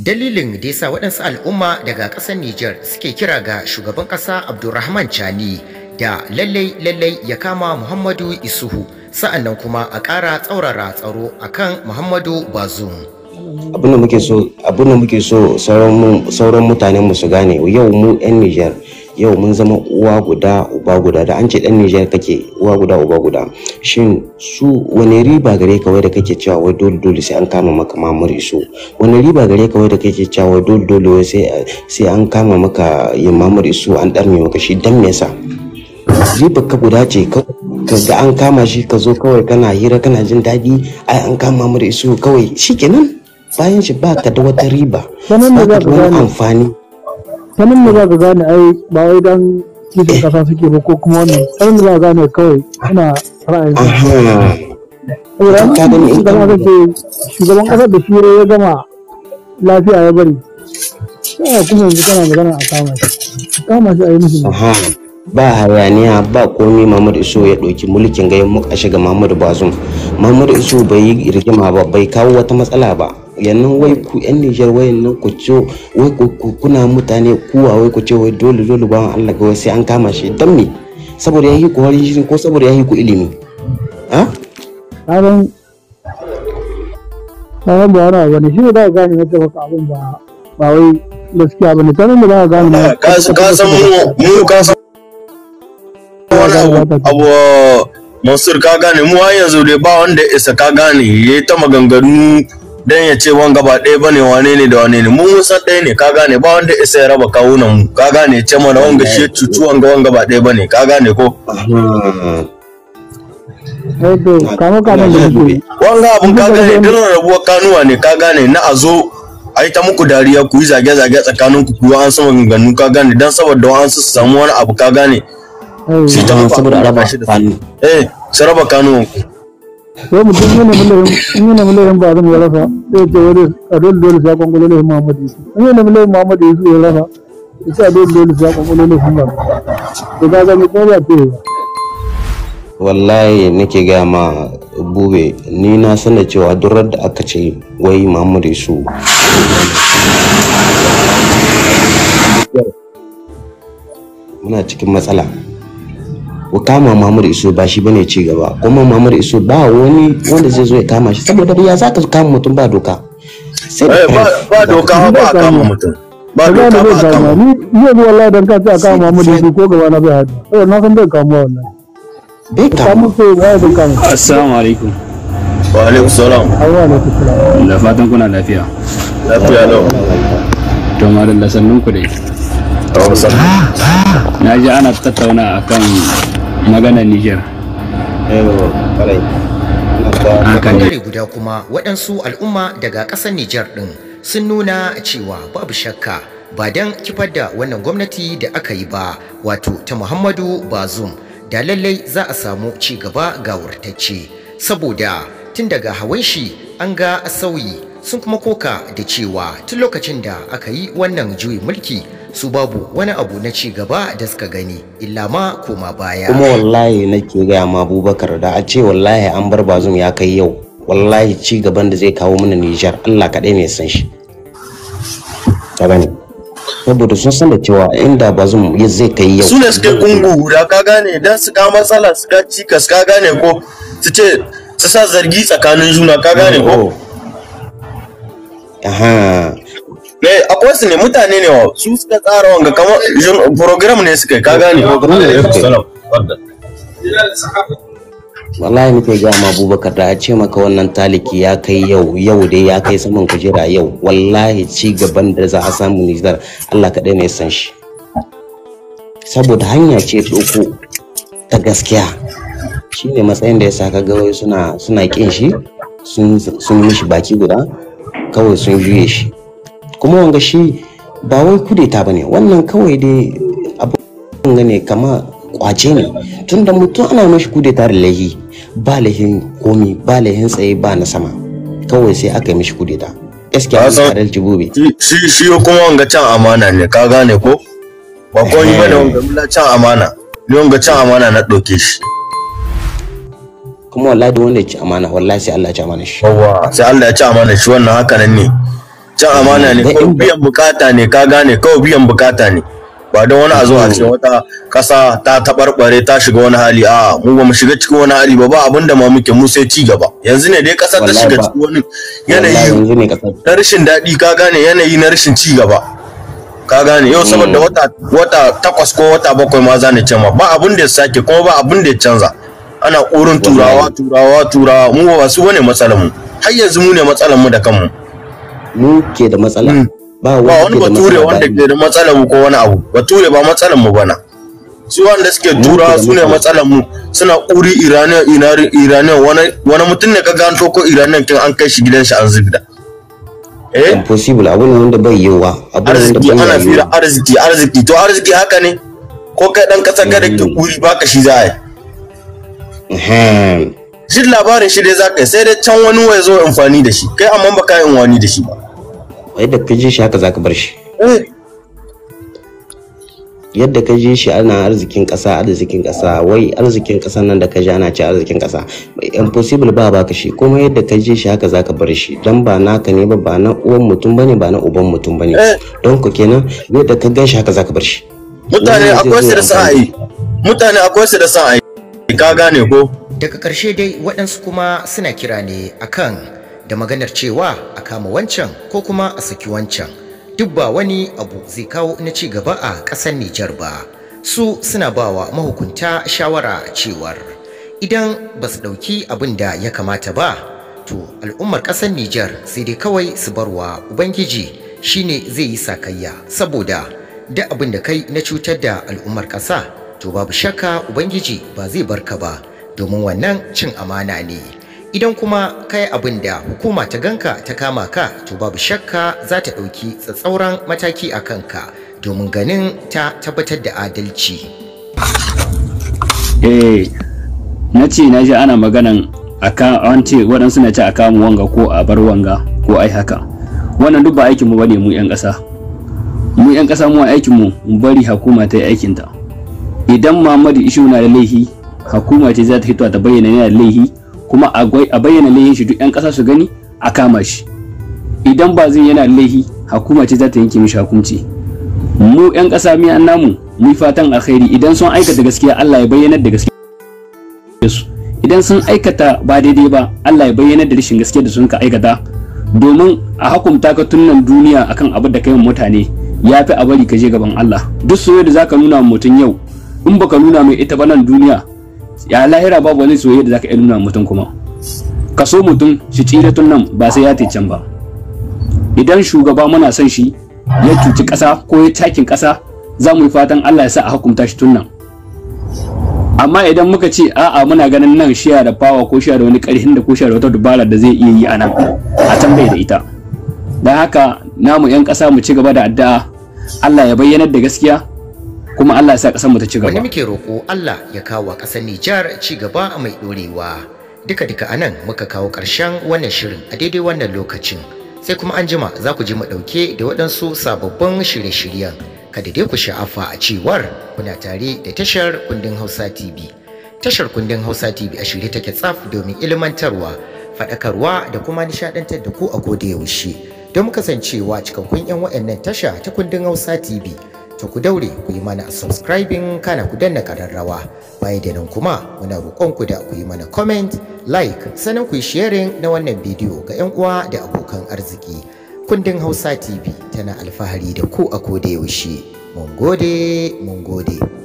Dalilin da yasa waɗansu al'umma daga ƙasar Nijar suke kira ga shugaban ƙasa Abdulrahman Chani da lallai lallai ya kama Muhammadu Isuhu sa'annan kuma a ƙara tsaurara tsaro akan Muhammadu Bazoum. da muke so sauran mutanen mu su gane yau mu 'yan Nijar yau mun zama uwa guda uba guda da an ce dan Nijar kake uwa guda uba guda shin su wani riba gare ka wai da kake cewa wai dole dole sai an kama maka mamuri su wani riba gare ka wai da kake cewa wai dole dole sai sai an kama maka yin mamuri su an darme maka shi dan me yasa riba ka guda ce ka ga an kama shi ka zo kawai kana hira kana jin daɗi ai an kama mamuri su kawai shikenan bayan shi ba ka da wata riba ba ka da wani amfani sanin da za ka gane ai ba wai dan kishin kasa suke ba ko kuma wannan sanin da za ka gane kawai suna ra'ayin su ka aka ce shugaban kasar da shi ya gama lafiya ya bari sai kuma yanzu kana magana a kama shi kama shi a yi mishi ba hayaniya ba komi Muhammadu Iso ya ɗauki mulkin gayan muka shiga Muhammadu Bazum Muhammadu Iso bai yi rigima ba bai kawo wata matsala ba yannan wai ku yan Nijar wayan nan ku ce wai ku kuna mutane kuwa wai ku ce wai dole dole ba Allah ga sai an kama shi dan me saboda yayi ku horin shi ko saboda yayi ku ilimi ha karan karan ba wani wani shi da gani na tabbata abun ba ba wai gaskiya ba ne tarin da ba gani ka san mu mu ka san abu Mansur ka gane mu har yanzu dai ba wanda isa ka gane yayi ta maganganu dan ya ce wanga gaba ɗaya bane wane ne da wane ne mun san ɗaya ne ka gane ba wanda isa ya raba kawunan mu ka gane ce mana wanga shi cucu wanga wanga gaba ɗaya bane ka gane ko eh, wanga abun ka gane dinar rabuwa kanuwa ne ka gane na a ai ta muku dariya ku yi zage-zage tsakanin ku kuwa an sama ganganu ka gane dan saboda an su samu wani abu ka gane eh. shi ta muku saboda raba kanu eh su raba kanuwan ku sai mutum yana mulayin in yana mulayin ba zan ya rasa sai ce a dole dole sai muhammad yusuf in yana muhammad yusuf ya rasa ya ce a dole dole sai kwankwalo lahin ba to ka gani ko wallahi nake gaya ma bube ni na sanar cewa durar da aka ce wai muhammad yusuf muna cikin matsala ku kama mamur Isu ba shi bane ci gaba kuma mamur Isu ba wani wanda zai zo ya kama shi saboda ya zaka kama mutum ba doka sai eh, ba eh, doka ba a kama mutum ba doka ba a kama ni ni wallahi dan ka a kama mamur Isu ko gaba na bai hadu eh na san bai kama wannan bai kama ko ba da kama assalamu alaikum wa alaikum salam wa alaikum salam da fatan kuna lafiya lafiya lau to madalla sannun ku dai na ji ana tattauna akan maganar Niger. Hakan ne. guda kuma waɗansu al'umma daga ƙasar Nijar ɗin sun nuna cewa babu shakka ba don kifar da wannan gwamnati da aka yi ba wato ta Muhammadu Bazum da lallai za a samu ci gaba ga wurtacce saboda tun daga hawan shi an ga sauyi sun kuma koka da cewa tun lokacin da aka yi wannan juyin mulki su babu wani abu na ci gaba da suka gani illa ma koma baya kuma wallahi nake gaya ma abubakar da a ce wallahi an bar bazum ya kai yau wallahi ci gaban da zai kawo mana nijar allah kaɗai ne san shi gani saboda sun san da cewa inda bazum ya zai kai yau Sune suke kungu da ka gane dan su ga matsala su ka cikas ka gane ko su ce su sa zargi tsakanin juna ka gane ko aha ne akwai su ne mutane ne wa su suka tsara wanga kamar program ne suka ka gane eh, program wallahi nake ga Abubakar da ya ce maka wannan taliki ya kai yau yau dai ya kai saman kujera yau wallahi ci gaban da za a samu Nijar Allah kaɗai ne san shi saboda hanya ce doko ta gaskiya shine matsayin da ya sa kaga wai suna suna kin shi sun yi mishi baki guda kawai sun juye shi kuma wanga shi ba wai kudeta ba ne wannan kawai dai abubuwan ne kama kwace ne da mutum ana mashi kudeta da lahi ba lahin komi ba lahin tsaye ba na sama kawai sai aka yi mashi kudeta a ba adalci jibobi shi shi kuma wanga can amana ne ka gane ko ba komi bane wanga eh. can amana ni wanga can amana na ɗauke shi kuma wallahi wanda ya ci amana wallahi sai Allah ya ci amana shi sai Allah ya ci amana shi wannan haka nan ne cin amana ne kawai biyan bukata ne ka gane kawai biyan bukata ne ba don wani a zo a cikin mm. wata kasa ta taɓarɓare ta shiga wani hali a mu ba mu shiga cikin wani hali ba ba abin da ma muke mu sai ci gaba yanzu ne dai kasa ta shiga cikin wani yanayi na rashin daɗi ka gane yanayi na rashin ci gaba ka gane yau saboda mm. wata wata takwas ko wata bakwai ma zane ni ma ba abin da ya sake kuma ba abin da ya canza ana ƙorin turawa turawa turawa mu ba su bane matsalar mu har yanzu mu ne matsalar mu da kanmu mu ke da matsala hmm. ba wani bature wanda ke da matsalar mu ko wani abu bature ba matsalar mu bana su wanda suke jura su ne matsalar mu suna ƙuri iraniyan iraniyan wani mutum ne ka ganto ko iraniyan kin an kai shi gidan shi an zubda eh impossible abu ne wanda bai yiwuwa abun nan da bai ana fira arziki arziki to arziki haka ne ko kai dan kasar ka da ke ƙuri hmm. baka shi za a yi shi hmm. labarin shi dai za ka yi sai dai can wani wai zo amfani da shi kai amma ba ka yi amfani da shi ba yadda ka je shi haka zaka bar shi yadda ka je shi ana arzikin kasa arzikin kasa wai arzikin kasa nan da ka je ana ci arzikin kasa impossible ba baka shi kuma yadda ka je shi haka zaka bar shi dan ba naka ne ba ba na uwan mutum bane ba na uban mutum bane eh. don ku kenan yadda ka gan shi haka zaka bar shi mutane akwai su da sa'ayi mutane akwai su da sa'ayi ka gane ko daga karshe dai waɗansu kuma suna kira ne akan da maganar cewa a kama wancan ko kuma a saki wancan duk ba wani abu zai kawo na ci gaba a ƙasar Nijar ba su suna bawa mahukunta shawara cewar idan ba su ɗauki abin da ya kamata ba to al'ummar ƙasar Nijar sai dai kawai su barwa ubangiji shine zai yi sakayya saboda da abin da kai na cutar da al'ummar ƙasa to babu shakka ubangiji ba zai barka ba domin wannan cin amana ne. idan kuma kai abin da hukuma ta ganka ta kama ka to babu shakka za ta ɗauki tsatsauran mataki a kanka domin ganin ta tabbatar da adalci eh na ce na ji ana maganan an ce waɗansu na ce a kama wanga ko a bar wanga ko ai haka wannan duk ba aikin mu bane mu yan ƙasa mu yan ƙasa mu aikin mu bari hukuma ta yi aikin ta idan Muhammadu Ishu na da laifi, hukuma ce za ta fito ta bayyana yana da laifi. kuma a bayyana laihin shi duk 'yan ƙasa su gani a kama shi idan ba zai yana laihi hukuma ce za ta yanke mishi hukunci mu 'yan ƙasa mi an namu mu fatan alkhairi idan sun aikata gaskiya Allah ya bayyana da gaskiya idan sun aikata ba daidai ba Allah ya bayyana da rashin gaskiya da sun ka aikata domin a hukunta ka tunnan duniya akan abu da kai mutane ya fi a bari ka je gaban Allah duk soyayya da zaka nuna mutum yau in baka nuna mai ita ba nan duniya ya lahira babu wani soyayya da zaka iya nuna mutum kuma ka so mutum shi tsiratun nan ba sai ya can ba idan shugaba muna son shi ya cuci kasa ko ya takin kasa, za mu yi fatan Allah ya sa a hukunta shi tun nan amma idan muka ce a'a muna ganin nan shiya da fawa ko shiya da wani ƙarfi da ko shiya da wata dubara da zai iya yi a nan a can bai da ita don haka namu 'yan ƙasa mu ci gaba da addu'a Allah ya bayyanar da gaskiya kuma Allah ya sa ƙasar mu ta ci gaba wani muke roƙo Allah ya kawo wa ƙasar Nijar ci gaba mai ɗorewa duka duka anan muka kawo ƙarshen wannan shirin a daidai wannan lokacin sai kuma an jima za ku ji mu ɗauke da waɗansu sababbin shirye-shiryen kada dai ku sha'afa a cewar kuna tare da tashar kundin Hausa TV tashar kundin Hausa TV a shirye take tsaf domin ilmantarwa faɗakarwa da kuma nishaɗantar da ku a da yaushe don kasancewa cikakkun 'yan waɗannan tasha ta kundin Hausa TV to ku daure ku yi mana subscribing kana ku danna kararrawa bayan da nan kuma muna ku da ku yi mana comment like sannan ku yi sharing na wannan bidiyo ga 'yan uwa da abokan arziki kundin hausa tv tana alfahari da ku a koda yaushe mun gode mun gode